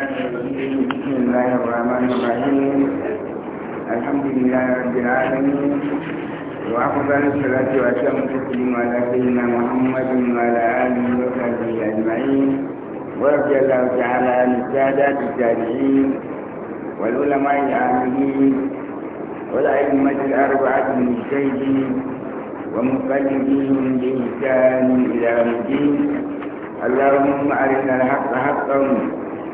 بسم الله الرحمن الرحيم الحمد لله رب العالمين وأفضل الصلاة وأتم التسليم على سيدنا محمد وعلى آله وصحبه أجمعين ورضي الله تعالى عن السادات التابعين والعلماء العاملين والأئمة الأربعة المجتهدين ومقلديهم بإحسان إلى يوم الدين اللهم أرنا الحق حقا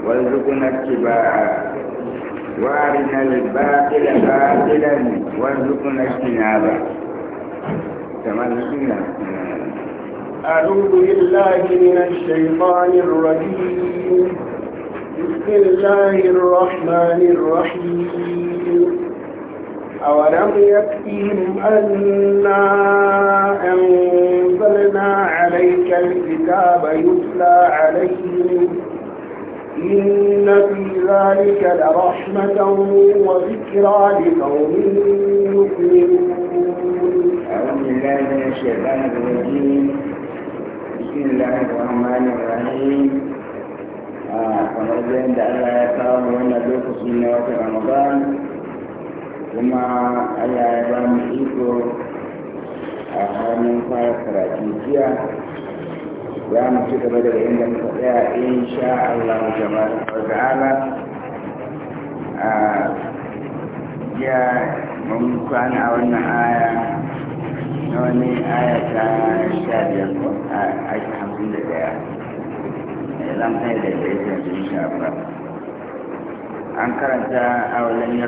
وارزقنا اتباعه وارنا الباطل باطلا وارزقنا اجتنابه تمام بسم أعوذ بالله من الشيطان الرجيم بسم الله الرحمن الرحيم أولم يكفهم أنا أنزلنا عليك الكتاب يتلى عليهم إن في ذلك لرحمة وذكرى لقوم يؤمنون أعوذ بالله من الشيطان الرجيم بسم الله الرحمن الرحيم ونرجو عند الله يتوب وأن ندوك سنة في رمضان ثم أيها الأيام إيكو أخرج من فارس راتيكيا za mu ci gaba daga inda muka tsaya in sha Allah jama'a wa ta'ala a ya mun kwana a wannan aya na wani aya ta sha biyar ko a aiki hamsin da daya eh, zan kai da ta yi yanzu insha Allah an karanta a wajen ya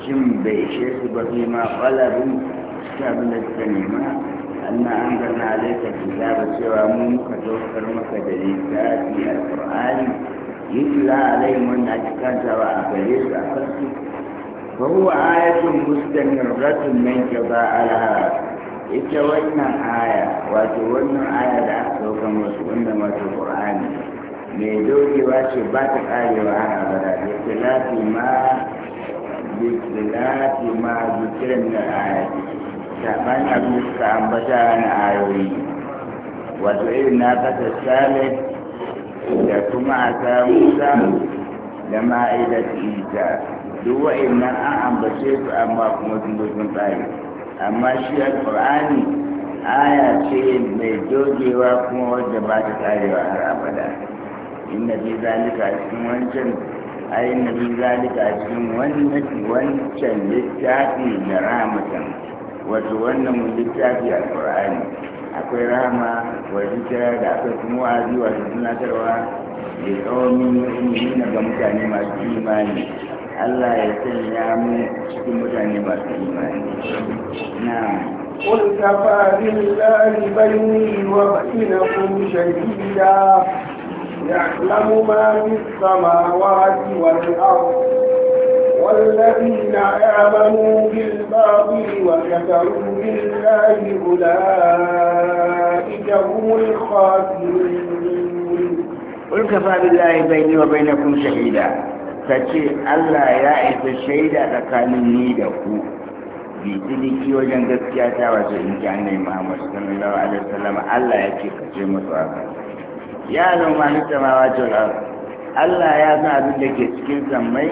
shin bai ishe su ba fi ma ƙwalabin cikin abin da suka nema anna an zanna alaika kitaba cewa mu muka daukar maka da littafi alqur'ani yutla alaihim wanda ake kantawa a gare su a kansu ita wannan aya wato wannan aya da aka dauka masu wanda masu qur'ani mai dogewa ce ba ta karewa har abada da tilafi ma bi tilafi ma saɓanin abin da suka ambata na ayoyi wato irin na kasa salif da kuma a samu da ma'aidat isa duk wa'annan an ambace su amma kuma sun zo sun tsari amma shi Al-ƙur'ani, aya ce mai dogewa kuma wadda ba ta tsarewa har abada inna fi zalika a cikin wancan ayin na fi zalika a cikin wancan littafi da ramatan wato wannan littafi alkur'ani akwai rahama wa zuciya da akwai kuma wa'azi wato tunatarwa da tsawon mu'minina ga mutane masu imani Allah ya sanya mu cikin mutane masu imani na قل كفى بالله بيني وبينكم شهيدا يعلم ما في السماوات والأرض والذين آمنوا بالباطل وكفروا بالله أولئك هم الخاسرون قل كفى بالله بيني وبينكم شهيدا kace Allah ya isa shaida tsakanin ni da ku bi wajen gaskiya ta wato in ji annai Muhammad sallallahu alaihi wasallam Allah ya ce kace musu haka ya lamu ma Allah ya san abin da ke cikin sammai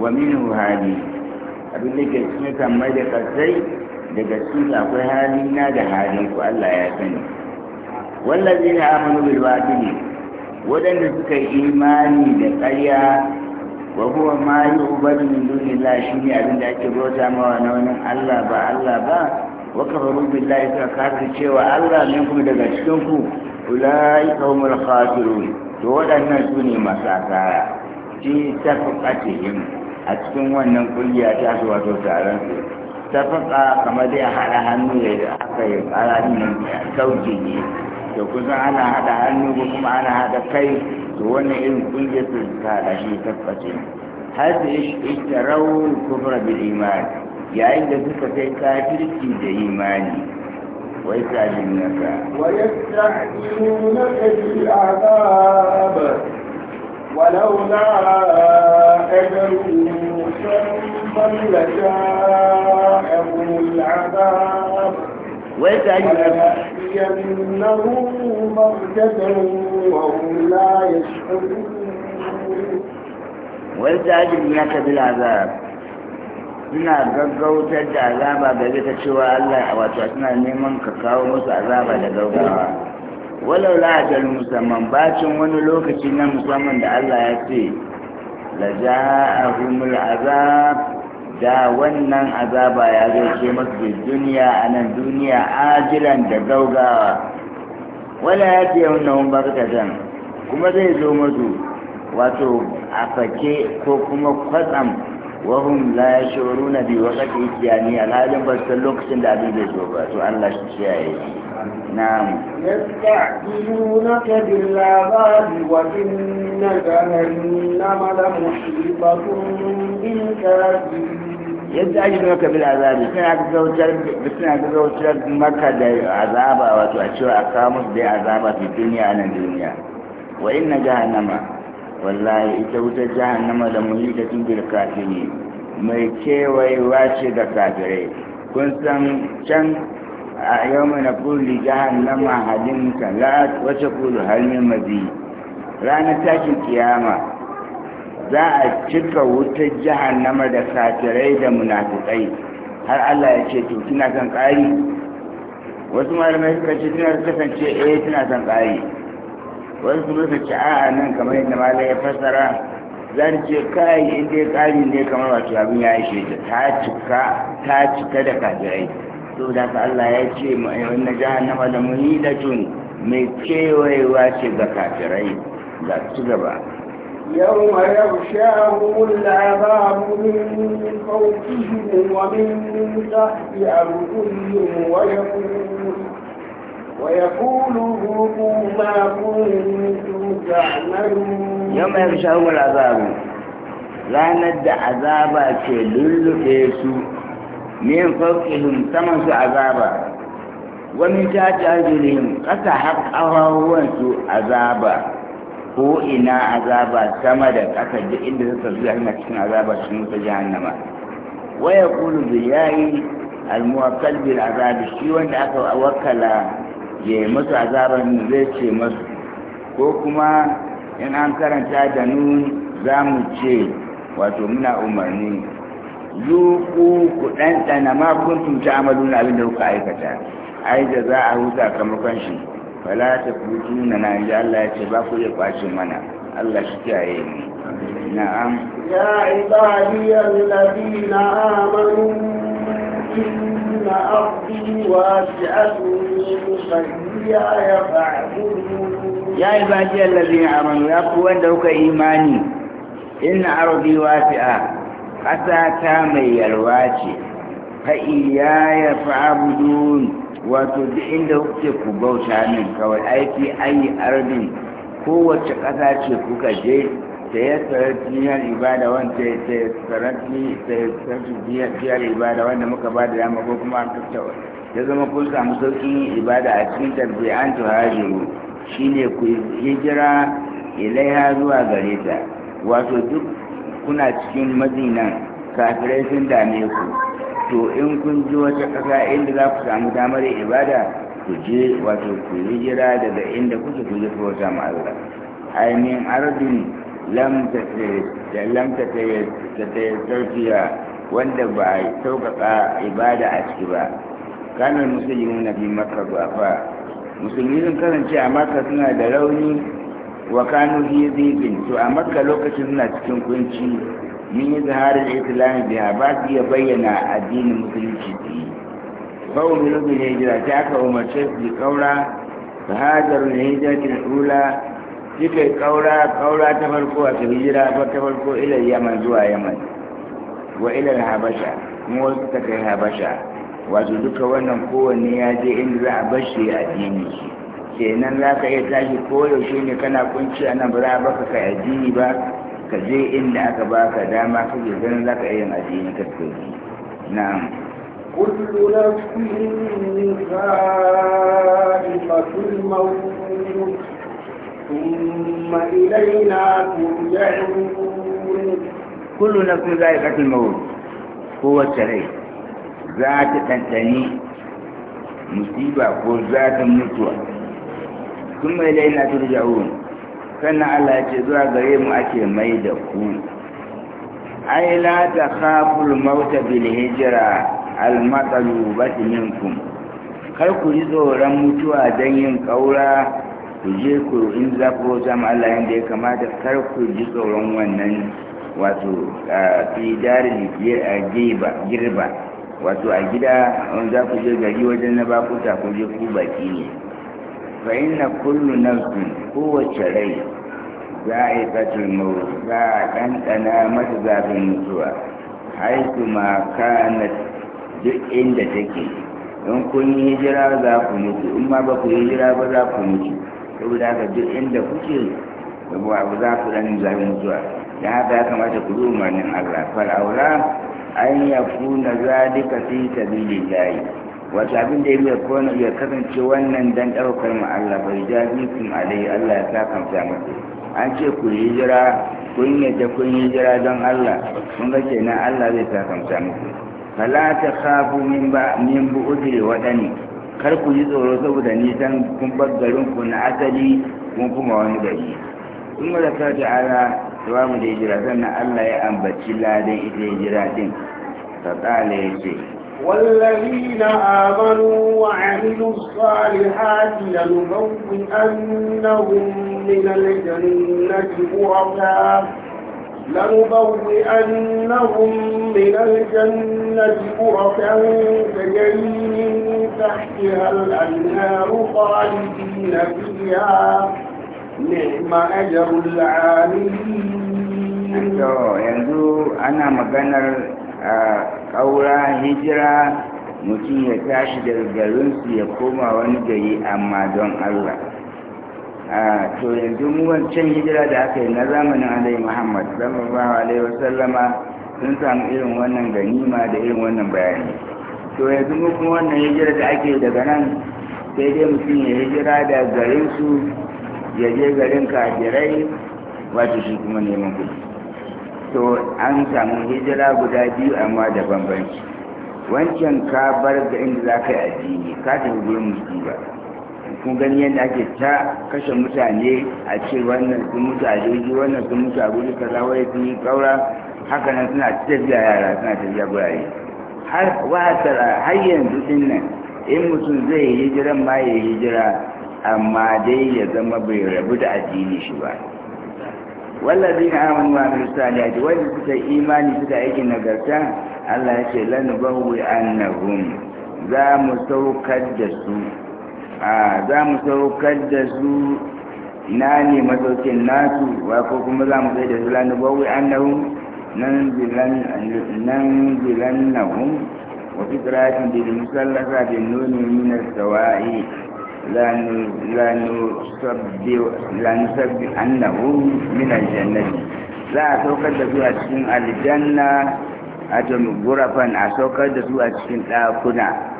wa minhu hali abin da ke cikin kamar da kasai daga cikin akwai hali na da hali ko Allah ya sani wallazi na amanu bil batili wadanda suka yi imani da ƙarya wa huwa ma yu'badu min dunillahi shine abin da ake bauta ma na wani Allah ba Allah ba wa kafaru billahi suka kafir cewa Allah ne kuma daga cikin ku ulaika humul khasirun to waɗannan su ne masu asara fi tafqatihim a cikin wannan kulliya ta su wato taron su ta fasa kamar dai haɗa hannu ya da aka yi ƙara nan sauki ne da kusan ana haɗa hannu ko kuma ana haɗa kai to wannan irin kulliyar su ta haɗa shi tabbace har su ishtarau kufra bil imani yayin da suka kai kafirci da imani ويستعجلونك ويستعجلونك بالعذاب ولولا أجل بل جاءهم العذاب ولنأتينهم بغتة وهم لا يشعرون ويستعجلناك بالعذاب suna gaggautar da azaba gare ta cewa Allah wato suna neman ka kawo musu azaba da gaggawa walau la'ajar musamman bacin wani lokaci na musamman da Allah ya ce لجاءهم العذاب da wannan azaba ya zo ce masu duniya a nan duniya ajilan da gaugawa wala ya ce wannan barkatan kuma zai zo musu wato a fake ko kuma kwatsam وهم لا يشعرون بوقت يجب أن فاستلوك سند عبيد الزوبة الله شكاية نعم يستعجلونك بالعذاب وإن جهنم لمحيطة بالكافرين يستعجلونك بالعذاب سنة تزوجت مكة عذابة وتعشوا أقامت بعذابة في الدنيا عن الدنيا وإن جهنم wallahi ita wutar jahannama da muhidatun bil kafiri mai kewaye ce da kafirai kun san can a yau mana kulli jahannama halin salat wace kullu halin mazi ranar tashin kiyama za a cika wutar jahannama da kafirai da munafikai har Allah ya ce to kina san ƙari wasu malamai suka ce tana kasance eh tana san ƙari wani kuma su ci a'a nan kamar yadda malai ya fassara zan ce kai in dai ƙarin dai kamar wato abin ya yi ta ta cika ta cika da kajirai saboda ka Allah ya ce wannan jahannama da muhidatun mai kewayewa ce ga kafirai ga su gaba يوم يغشاهم العذاب من فوقهم ومن mu أرجلهم ويقول ويقول ذوقوا ما كنتم تعملون يوم يغشاهم العذاب ranar da azaba ke lullube su min fauqihim saman su azaba wani ta tajirihim ƙasa har ƙawawan su azaba ko ina azaba sama da ƙasa duk inda suka zuwa hanyar cikin azaba cikin wuta jahannama waya kulu biyayi almuwakkal bil azabi shi wanda aka wakala ya yi masu azabar zai ce masu ko kuma in an karanta da nun za mu ce wato muna umarni zuku ku ɗanɗana ma kuntum ta amalu na abin da kuka aikata ai da za a huta kamakon shi fala ta kutu na na ji Allah ya ce ba ku iya kwashe mana Allah shi kiyaye ni na'am ya ibadiyal ladina amanu Yan abu na wasu wasu, ban yi ba musu. Ya yi bakiyar laraiyya a Manowar wanda kuka yi ma ni? In na arabe ta mai yarwa ce. Fa'idu ya yi fa'a gudun. Wancan jirgin da huƙe ku bauta min kawai aiki ayi yi kowace kowacce ƙasa ce kuka je? tayassara duniyar ibada wanda ya tayassara duniyar ibada wanda muka ba da dama ko kuma an tattawa ya zama kun samu sauƙin ibada a cikin tarbi an tuhajiru ne ku hijira ilaiha zuwa gare ta wato duk kuna cikin madinan kafirai sun dame ku to in kun ji wata ƙasa inda za ku samu damar ibada ku je wato ku hijira daga inda kuke ku je ku wata ma Allah ainihin ardin lam tatayyar wanda ba a ibada a ciki ba kanar musulmi na fi maka ba musulmi sun kasance a maka suna da rauni wa kanu fi to a maka lokacin suna cikin kunci min yi zaharar islam biya ba su iya bayyana addinin musulunci su yi ba umaru bin hijira ta aka umarce su kaura ta hajar hijira ta suka kaura kaura ta farko a hijira ba ta farko ilal yaman zuwa yaman wa ilal habasha kuma wasu ta kai habasha wato duka wannan kowanne ya je inda za a bashi addini nan za ka iya tashi ko yaushe ne kana kunci a nan ba za a baka kai addini ba ka je inda aka baka dama ka je ganin za ka iya yin addini ka tafi. na'am كل نفس ذائقة الموت ثم إلينا ترجعون كل نفس ذائقة الموت هو الشريك ذات تنتني مصيبة وذات mutuwa ثم إلينا ترجعون sannan Allah ce zuwa gare mu ake mai da ku ai la ta khaful mauta bil hijra al kar ku yi tsoron mutuwa don yin ƙaura. ku je ku in za ku bauta Allah yadda ya kamata kar ku ji tsoron wannan wato fi darin girba wato a gida in za ku je gari wajen na bakuta ku je ku baki ne fa inna kullu nafsi kowace rai za a yi fatul mawu za a ɗanɗana mata zafin mutuwa haitu ma kana duk inda take in kun yi hijira za ku mutu in ma ba ku yi hijira ba za ku mutu saboda haka duk inda kuke babu abu za ku dan zabi mutuwa da haka ya kamata ku zo umarnin Allah fal aula an yakuna zalika fi sabilillahi wato abin da ya kona ya kasance wannan dan daukar mu Allah bai jazikum alai Allah ya sakamta muku an ce ku hijira kun yadda kun hijira don Allah kun ga kenan Allah zai sakamta muku fala ta khafu min ba min bu'udri wadani kar ku yi tsoro saboda nisan kun bar garin ku na asali kun kuma wani gari sun wadda ta ta'ala ta mu da hijira sannan Allah ya ambaci ladin ita hijira din ta tsala ya ce والذين آمنوا وعملوا الصالحات لنبوئنهم من الجنة غرفا لنبوئنهم من الجنة قرفا تجري من تحتها الأنهار خالدين فيها نعم أجر العاملين. yanzu أنا maganar ƙaura هجرة mutum ya tashi daga garinsu ya koma wani gari amma don Allah. to yanzu mu wancan hijira da aka yi na zamanin alai muhammad sallallahu alaihi wasallama sun samu irin wannan ganima da irin wannan bayani to yanzu mu kuma wannan hijira da ake daga nan sai dai mutum ya hijira da garin su ya je garin kafirai wato shi kuma neman kuɗi to an samu hijira guda biyu amma da bambanci wancan ka bar ga inda za ka yi addini ka tafi gurin musulmi ba kun gani yadda ake ta kashe mutane a ce wannan sun mutu a jirgi wannan sun mutu a guri kaza wai sun yi kaura haka suna tafiya yara suna tafiya gurare har wasara har yanzu din nan in mutum zai yi hijiran ma ya hijira amma dai ya zama bai rabu da addini shi ba wallazi na amanu wa amilu salihati wanda suka imani suka aikin nagarta Allah ya ce lanubawi annahum za mu saukar da su za mu saukar da su na ne masaukin nasu wa ko kuma za mu sai da su lanu bawai hun nan zilan hun wa fitratin da yi musallasa da nuni minar sawa'i lanu sabbi hun minar jannati za a saukar da su a cikin aljanna a tun gurafan a saukar da su a cikin ɗakuna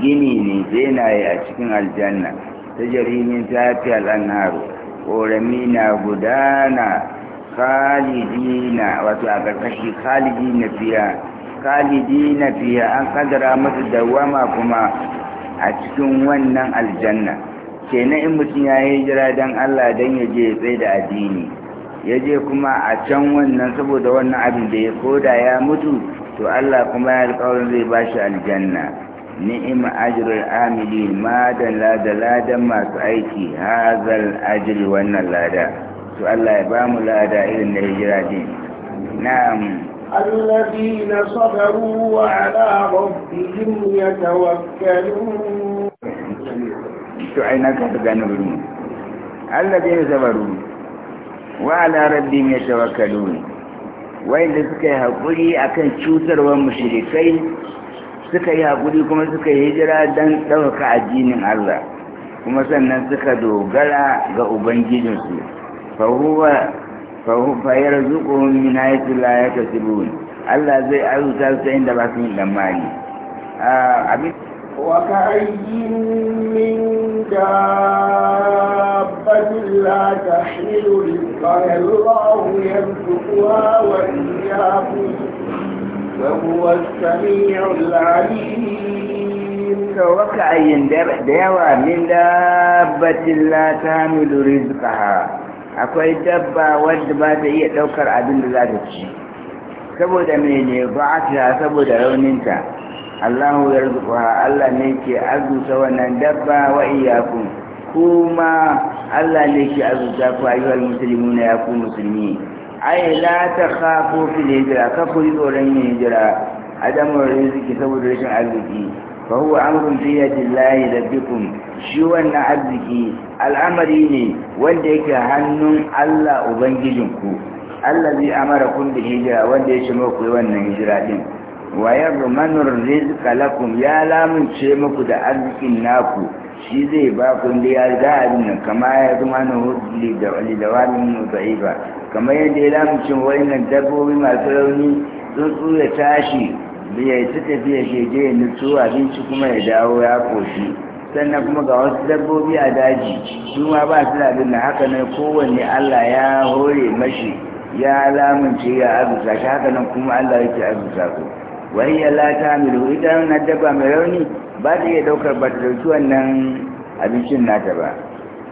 gini ne benaye a cikin aljanna ta jarimin tafi al'anharu ƙorami na gudana khalidina wato a ƙarƙashi khalidina fiya khalidina fiya an kadara masu dawama kuma a cikin wannan aljanna kenan in mutum ya yi jira don allah don ya je tsaye da addini ya je kuma a can wannan saboda wannan abin da ya koda ya mutu to allah kuma ya alƙawarin zai ba shi aljanna ni'ima ajrul amili ma da ladan masu aiki hazal ajri wannan lada to Allah ya ba mu lada irin na hijira din na'am الذين صبروا وعلى ربهم يتوكلون to ai na kafa gane wurin Allah zai zabaru wa ala rabbi mai tawakkalu wanda suka yi haƙuri akan cutarwar mushrikai suka yi haƙuri kuma suka yi hijira don ɗauka addinin Allah kuma sannan suka dogara ga Ubangijinsu fahuwa fayar zuƙon minayatu la ya kasibun Allah zai arzuta su inda ba su yi tsammani abin وكأين من دابة لا su رزقها الله يرزقها وإياكم وهو السميع العليم وكأين ديوى من دابة لا تحمل رزقها akwai dabba wadda ba ta iya daukar abin da za ta ci saboda mene ba'ata saboda rauninta Allahu ya Allah ne ke azuta wannan dabba wa iyakun kuma Allah ne ke azuta ku ayyuhal muslimuna ya ku musulmi ai la ta khafo fil hijra ka ku yi tsoron yin hijira adamu riziki saboda rashin arziki fa huwa amrun fi yadillahi rabbikum shi wannan arziki al'amari ne wanda yake hannun Allah ubangijinku Allah zai amara kun da hijira wanda ya ce muku wannan hijira din wa yarmanu rizqa lakum ya lamunce muku da arzikin naku shi zai ba ku da yarda abin kama ya zama na hudu da wani da wani kamar yadda ya lamucin wannan dabbobi masu rauni sun tsura tashi biyar ta tafiya shege ya nutso abinci kuma ya dawo ya koshi sannan kuma ga wasu dabbobi a daji su ma ba su da abin da haka ne kowanne allah ya hore mashi ya lamunce ya arzuta shi haka nan kuma allah yake arzuta ko wani ya lata milu ita na dabba mai rauni ba ta iya daukar ba ta dauki wannan abincin nata ba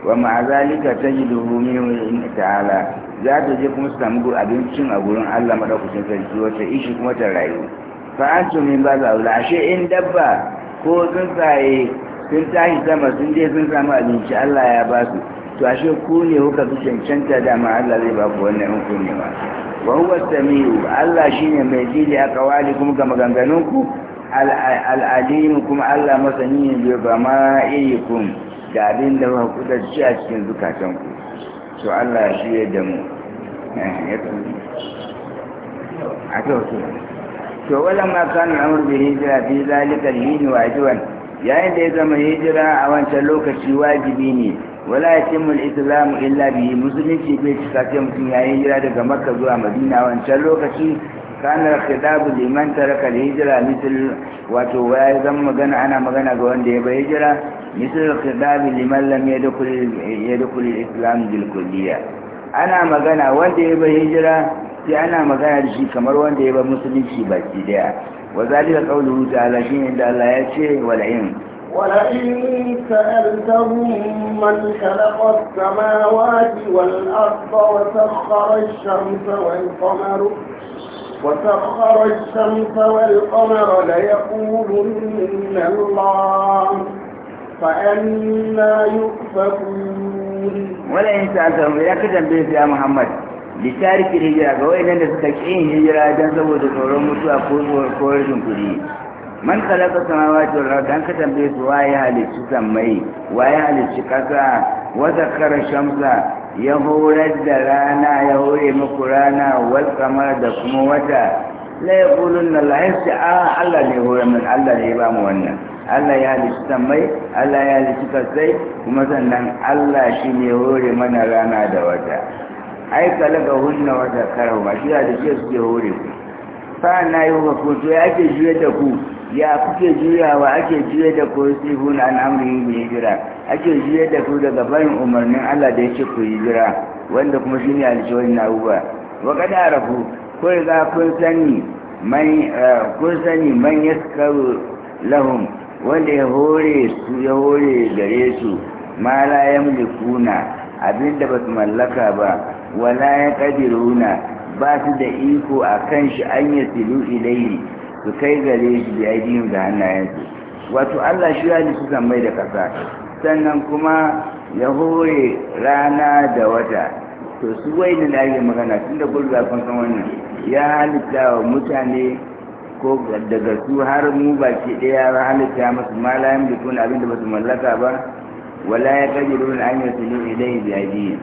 wa ma'azalika ta ji dubu ta'ala za ta je kuma su samu abincin a gurin Allah madaukakin sarki wata ishi kuma ta rayu fa an su min ba za a ashe in dabba ko tsuntsaye sun tashi sama sun je sun samu abinci Allah ya ba su to ashe ku ne kuka fi cancanta dama Allah zai ba ku wannan in ne ba wa huwa samiu Allah shine mai ji da akawali kuma ga maganganunku Al'adini kuma Allah masani ne ba ma da abin da ta ci a cikin zukatanku to Allah shi ya damu eh, a kyautu to wala ma kanin amur da hijira fi zalikar yini wajiwan yayin da ya zama hijira a wancan lokaci wajibi ne wala ya cimma islamu illa biyu musulunci bai cika sai mutum ya hijira daga makka zuwa madina wancan lokaci kana khitabu liman taraka al-hijra mithl wato wai zan magana ana magana ga wanda ya bai hijira mithl khitabu liman lam yadkhul yadkhul al-islam bil ana magana wanda ya bai hijira sai ana magana da shi kamar wanda ya ba musulunci baki daya wa zalika qawluhu ta'ala shi Allah ya ce ولئن سألتهم من خلق السماوات والأرض وسخر الشمس والقمر وسخر الشمس والقمر ليقولن الله فأنا يؤفكون ولئن سألتهم إذا كتب بيت يا محمد لتارك الهجرة فوين أن تكعين هجرة جنسة وتطورون متوى كورج كري من خلق السماوات والأرض أن كتب بيت واي هالي تسمي واي وذكر الشمس ya horar da rana ya hore muku rana wal kamar da kuma wata la ya kulun na lahirci a Allah ne horar min Allah ne ya ba mu wannan Allah ya halici sammai Allah ya halici kasai kuma sannan Allah shi ne hore mana rana da wata ai kalaga hunna wata karau ba shi da shi suke hore ku na yi wa ku to ya ke juyar da ku ya kuke juyawa ake juya da ku si huna an amri bi jira ake juya da ku daga bayan umarnin Allah da yake ku jira wanda kuma shine alshawarin abubuwa wa kada arafu ko za kun sani man eh, kun sani man yaskaru lahum wanda ya hore su ya hore gare su ma la yamlikuna abinda ba su mallaka ba wala ya kadiruna ba su da iko a kan shi an yi ilayhi su kai gare shi da aidihim da hannayensu wato Allah shi ya nufi mai da ƙasa sannan kuma ya hore rana da wata to su wai da ake magana tun da gudu kan kan wannan ya halitta wa mutane ko daga su har mu baki ɗaya ya halitta masu malayan da kuna abin da ba mallaka ba wala ya kaji da wani an su ne idan ya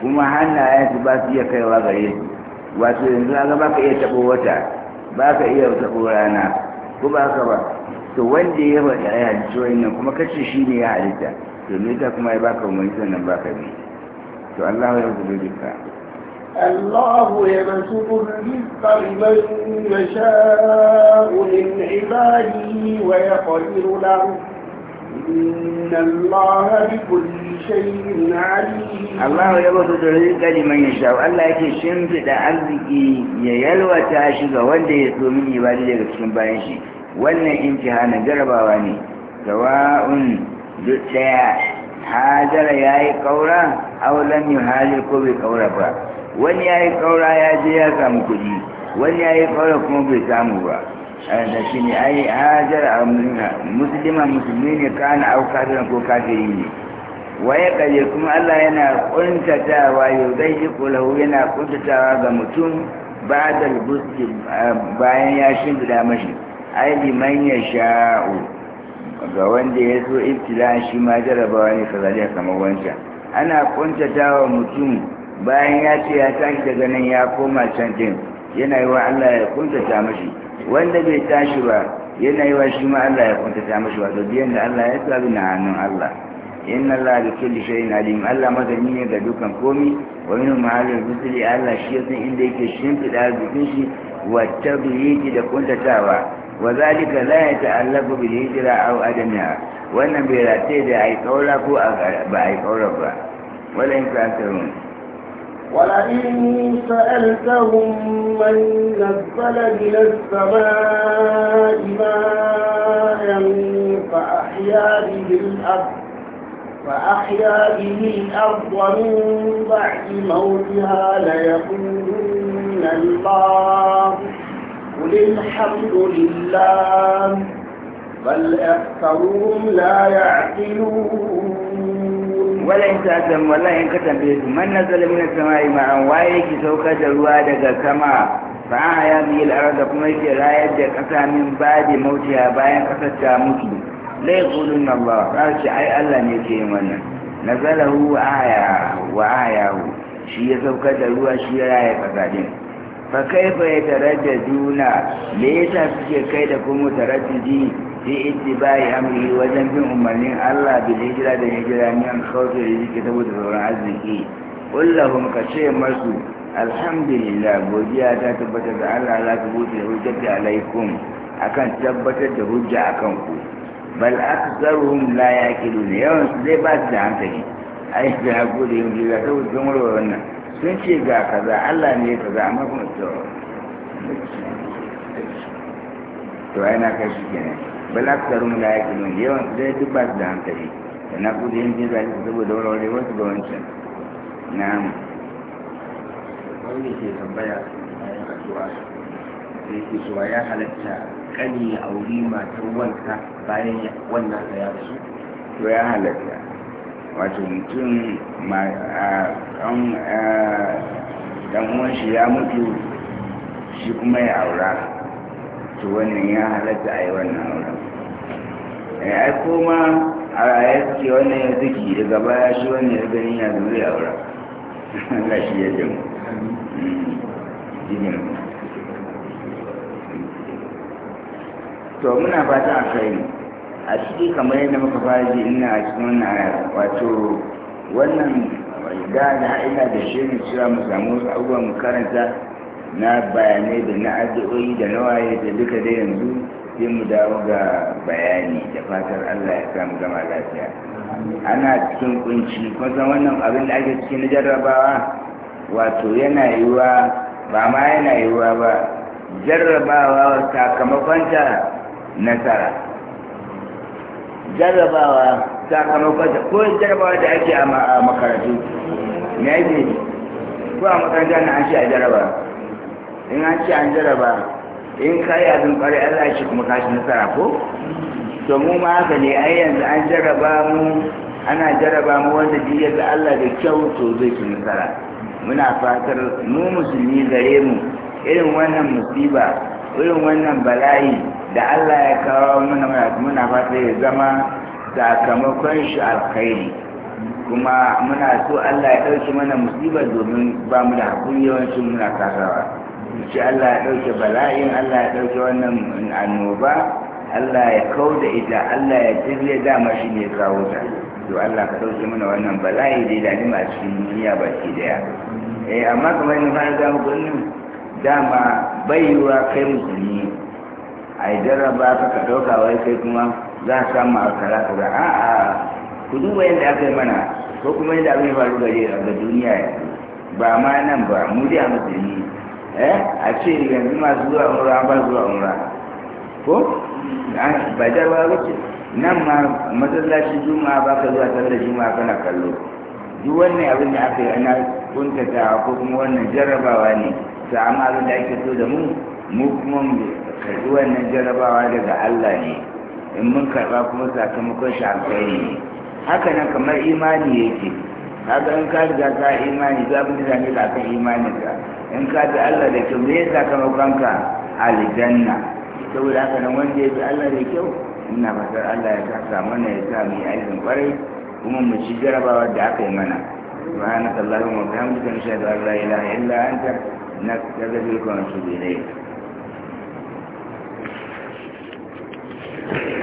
kuma hannayen su ba su iya kaiwa gare su wato yanzu a gaba ka iya taɓo wata ba ka iya taɓo rana ko ba ka ba to wanda ya faɗi a halitta wannan kuma kace shi ne ya halitta to me ta kuma ya baka umarni sannan ka bi to Allah ya rubuta duka الله يبسط الرزق لمن يشاء من عباده ويقدر له إن ya ba su عليم الله يبسط الرزق لمن يشاء الله ke shimfiɗa arziki ya yalwata shi ga wanda ya so min ibadi daga cikin bayan shi wannan hana jarabawa ne sawa'un duk ɗaya hajara ya yi ƙaura aulan yi halin ko bai ƙaura ba wani ya yi ƙaura ya je ya samu kuɗi wani ya yi ƙaura kuma bai samu ba da shi ne ai hajar a musulma musulmi ne kana au kafirin ko kafiri ne waye kaje kuma Allah yana kuntatawa yau zai ji kulahu yana kuntatawa ga mutum ba da buski bayan ya shimfiɗa mashi ai liman ya sha'u ga wanda ya so ibtila shi ma jarabawa ne kazalika kamar wancan ana kuntatawa mutum bayan ya ce ya tashi daga nan ya koma can din yana yi wa Allah ya kuntata mashi wanda bai tashi ba yana yi wa shi ma Allah ya kuntata mashi wato biyan da Allah ya tsabi na hannun Allah inna Allah da kulli shay'in alim Allah masani ne ga dukan komi wa min mahalil bisli Allah shi ya san inda yake shimfida jikin shi wa tabiyi da kuntatawa wa zalika la yata'allaqu bil hijra aw adamiha wannan bai rataye da ai kaura ko ba ai kaura ba wala in ka tarun ولئن سألتهم من نزل من السماء ماء فأحيا به الأرض فأحيا به الأرض من بعد موتها ليقولن الله قل الحمد لله بل أكثرهم لا يعقلون wala in ta san wallahi in ka tambaye su man na min samari ma ma'an waye ki saukar da ruwa daga sama fa ahya bihi al da kuma yake rayar da kasa min da mautiya bayan kasar ta mutu Lai la yaquluna Allah ce ai Allah ne ke yin wannan nazalahu ahya wa ahyahu shi ya saukar da ruwa shi ya raya kai din fa da juna. me yasa suke kai da kuma ji? fi ittibai amri wajen bin umarnin Allah bil hijira da hijira ne an da kawo riziki saboda sauran arziki kullahum ka ce masu alhamdulillah godiya ta tabbatar da Allah ta la tubuta da alaikum akan tabbatar da hujja akan ku bal aktsaruhum la yaqilun yawan su zai ba su da hankali ai da gode yin jira ta wuce murwa wannan sun ce ga kaza Allah ne kaza amma kuma to to ai na kai shi kenan bal aktarun la yaqilun yawan su dai duk ba su da hankali da na kudu yin jin zalika saboda warware wasu ga wancan mu. wani ke tambaya bayan addu'a da yake cewa ya halatta kani a wuri matar wanka bayan wannan ka ya su. to ya halatta wato mutum a dan uwan shi ya mutu shi kuma ya aura to wannan ya halatta a yi wannan auren Eh, ai koma a raye suke wannan ya ziki daga baya shi wannan ya gani ya zama ya aura Allah shi ya to muna fata a kai a ciki kamar yadda muka fara ji ina a cikin wannan ayar wato wannan da na ina da shirin cewa mu samu wasu abubuwan mu karanta na bayanai da na addu'o'i da nawaye da duka da yanzu sai mu dawo ga bayani da fatar Allah ya samu gama lafiya ana cikin kunci kusan wannan abin da ake cikin jarrabawa wato yana yiwuwa ba ma yana yiwuwa ba jarrabawa ta nasara jarrabawa ta ko jarrabawa da ake a makarantu na yi ko a makaranta na an shi a jarraba in an shi an jarraba in ka yi abin ƙwarai Allah shi kuma kashi nasara ko to mu ma haka ne ai yanzu an jaraba mu ana jaraba mu wanda duk yadda Allah da kyau to zai fi nasara muna fatar mu musulmi gare mu irin wannan musiba irin wannan bala'i da Allah ya kawo mana muna fatar ya zama sakamakon shi alkhairi kuma muna so Allah ya ɗauki mana musiba domin ba mu da hakuri yawancin muna kasawa ce Allah ya ɗauke bala'in Allah ya ɗauke wannan annoba Allah ya kau da ita Allah ya tirle dama shi ne kawo ta to Allah ka ɗauke mana wannan bala'i da ya dima a cikin duniya baki daya eh amma kamar yadda ba ga muku nan dama baiwa kai musulmi a jarraba ka ka ɗauka wai kai kuma za ka samu a kara a a'a ku duba yadda aka yi mana ko kuma yadda abin faru gare ga duniya ba ma nan ba mu dai a musulmi eh a ce yanzu masu zuwa umra ba zuwa umra ko ba jarwa ba ce nan ma masallaci juma'a ba ka zuwa sallar juma'a kana kallo duk wannan abin da aka yi ana kuntatawa ko kuma wannan jarabawa ne to amma abin da ake so da mu mu kuma mu karɓi wannan jarabawa daga Allah ne in mun karɓa kuma sakamakon shi alkhairi ne haka nan kamar imani yake kaga in ka riga ka imani za mu da ne ka kan imanin ka in ka bi Allah da kyau me ya sakamakon ka aljanna saboda haka nan wanda ya bi Allah da kyau ina fatar Allah ya sa mana ya sa mu yi aikin kwarai kuma mu ci jarabawa da aka yi mana subhanaka allahumma wa bihamdika nashhadu an la ilaha illa anta nastaghfiruka wa natubu ilayk